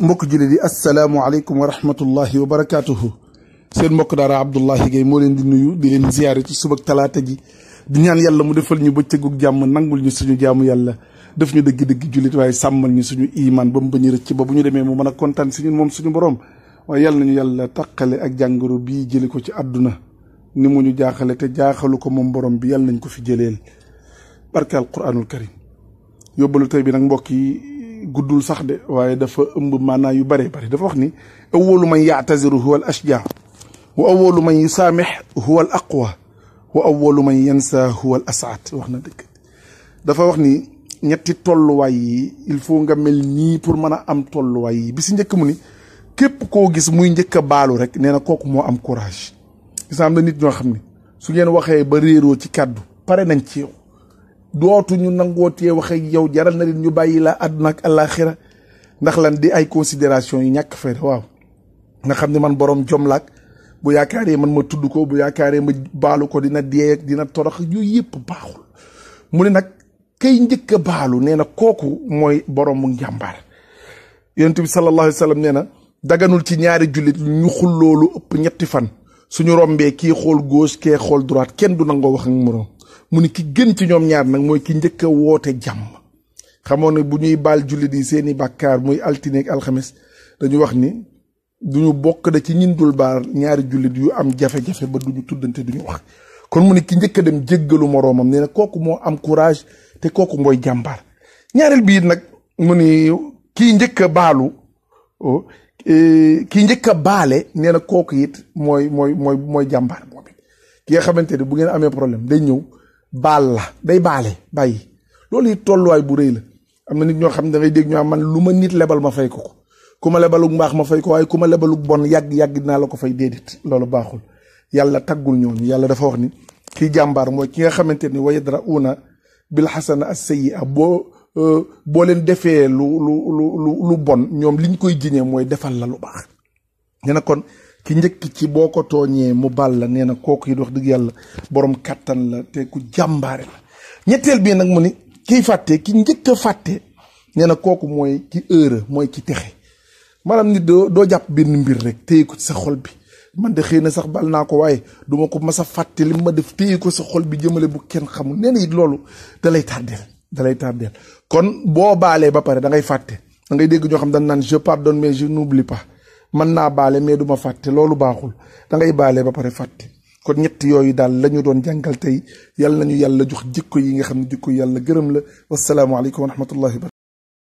mbokk jullit yi asalaamualeykum wa rahmatullahi wa barakaatuhu. seen mbokk daara Abdoulahi Gaye moo leen di nuyu di leen ziyaare ci suba talaata ji di ñaan yàlla mu defal ñu bëccëgu jàmm nangul ñi suñu jaamu yàlla def ñu dëgg-dëgg jullit waaye sàmmal ñu suñu iman ba mu bañ a rëcc ba bu ñu demee mu mën a kontaan si ñun moom suñu borom waaye yàlla nañu yàlla taqale ak jàngoro bii jëli ko ci àdduna ni mu ñu jaaxale te jaaxalu ko moom boroom bi yàlla nañ ko fi jëleel barke alquranul karim bi nag mbokk yi guddul sax de waaye dafa ëmb maanaa yu bare bare dafa wax ni awalu man yaatasiru huwa al ashja wa awalu man yusaamix huwa al aqwa wa awalu man yansa huwa al wax na dëgg dafa wax ni ñetti tolluwaay yi il faut nga mel nii pour mën a am tolluwaay yi bi si njëkk mu ni képp koo gis muy njëkk a baalu rek nee na kooku moo am courage gis am na nit ñoo xam ni su ngeen waxee ba réeroo ci kàddu pare nañ ci dootuñu nangootee wax yow jaral na leen ñu bàyyi laa àdduna ak àllaaxira ndax lan di ay considération yu ñàkk fayda waaw nga xam ne man borom jom laak bu yaakaaree man ma tudd ko bu yaakaaree ma baalu ko dina dee dina torox yooyu yëpp baaxul mu ne nag kay njëkk a baalu nee na kooku mooy boroomu njàmbaar yonent bi sallallahu alayhi wa nee na daganul ci ñaari jullit ñu xul loolu ëpp ñetti fan suñu rombee kii xool goos kee xool droite kenn du nangoo wax ak mu ni ki gën ci ñoom ñaar nag mooy ki njëkk a woote jàmm xamoon ne bu ñuy baal jullit yi seeni bàkkaar muy altine ak alxames dañu wax ni duñu bokk da ci ñin dul baal ñaari jullit yu am jafe-jafe ba ñu tuddante duñu wax kon mu ni ki njëkk dem jéggalu moroomam nee na kooku moo am courage te kooku mooy jàmbaar ñaareel bii nag mu ni kii njëkk a baalu oh, eh, kii njëkk a baale nee kooku it mooy mooy mooy mooy jàmbaar moom it ki nga xamante ne bu ngeen amee problème day ñëw baal la day baale bàyyi loolu it tolluwaay bu rëy la am na nit ñoo xam ne da dégg ñu am man lu ma nit lebal ma fay ko ku ma lebalug mbaax ma fay ko waaye ku ma lebalug bon yàgg yàgg dinaa la ko fay déedéet loolu baaxul yàlla taggul ñooñu yàlla dafa wax ni kii jàmbaar mooy ki nga xamante ni wa yadra'uuna bil xasana as sayyi'a boo euh, boo leen defee lu lu lu lu bon ñoom liñ koy jiñee mooy defal la lu baax ñu kon ki njëkk ci boo ko tooñee mu baal la nee na kooku it wax dëgg yàlla boroom kàttan la te ku jàmbaare la ñetteel bii nag mu ni kiy fàtte ki njëkk a fàtte nee kooku mooy ki heure mooy ki texe maanaam nit doo doo jàpp benn mbir rek téye ko ci sa xol bi man de xëy na sax bal naa ko waaye duma ko mas fàtte li ma def téye ko sa xol bi jëmale bu kenn xamul nee na it loolu da lay tardeel da kon boo baalee ba pare da ngay fàtte da ngay dégg ñoo xam dañ naan je pardonne mais je mën naa baale mais du ma fàtte loolu baaxul da ngay baale ba pare fàtte kon ñett yooyu daal la ñu doon jàngal tey yàlla ñu yàlla jox jikko yi nga xam ne jikko yàlla gërëm la wasalaamualeykum wa rahmatullahi wa barakatu